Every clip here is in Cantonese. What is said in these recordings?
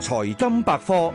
財金百科，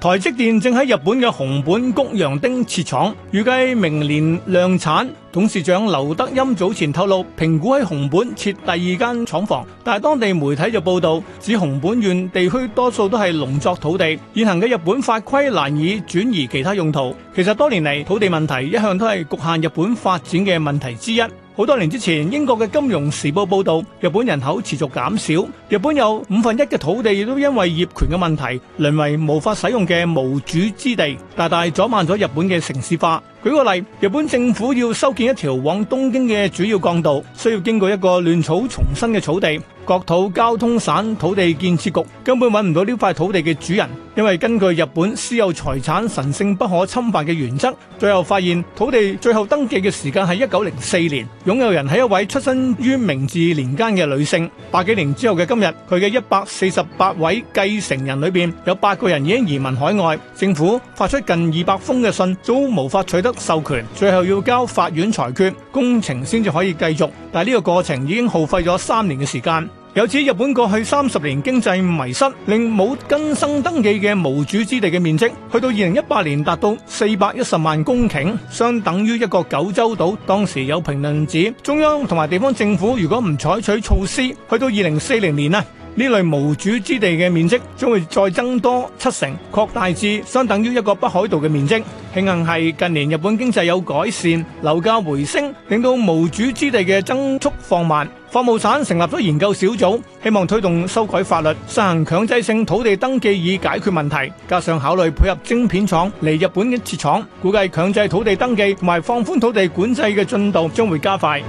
台積電正喺日本嘅熊本菊陽町設廠，預計明年量產。董事長劉德音早前透露，評估喺熊本設第二間廠房，但係當地媒體就報道，指熊本縣地區多數都係農作土地，現行嘅日本法規難以轉移其他用途。其實多年嚟，土地問題一向都係局限日本發展嘅問題之一。好多年之前，英國嘅《金融時報》報道，日本人口持續減少。日本有五分一嘅土地亦都因為業權嘅問題，淪為無法使用嘅無主之地，大大阻慢咗日本嘅城市化。舉個例，日本政府要修建一條往東京嘅主要幹道，需要經過一個亂草重生嘅草地。國土交通省土地建設局根本揾唔到呢塊土地嘅主人，因為根據日本私有財產神聖不可侵犯嘅原則，最後發現土地最後登記嘅時間係一九零四年，擁有人係一位出身於明治年間嘅女性。百幾年之後嘅今日，佢嘅一百四十八位繼承人裏邊有八個人已經移民海外。政府發出近二百封嘅信，都無法取得，授權最後要交法院裁決，工程先至可以繼續。但係呢個過程已經耗費咗三年嘅時間。由此日本過去三十年經濟迷失，令冇更新登記嘅無主之地嘅面積，去到二零一八年達到四百一十萬公頃，相等於一個九州島。當時有評論指，中央同埋地方政府如果唔採取措施，去到二零四零年呢，呢類無主之地嘅面積將會再增多七成，擴大至相等於一個北海道嘅面積。慶幸係近年日本經濟有改善，樓價回升，令到無主之地嘅增速放慢。法務省成立咗研究小組，希望推動修改法律，實行強制性土地登記以解決問題。加上考慮配合晶片廠嚟日本設廠，估計強制土地登記同埋放寬土地管制嘅進度將會加快。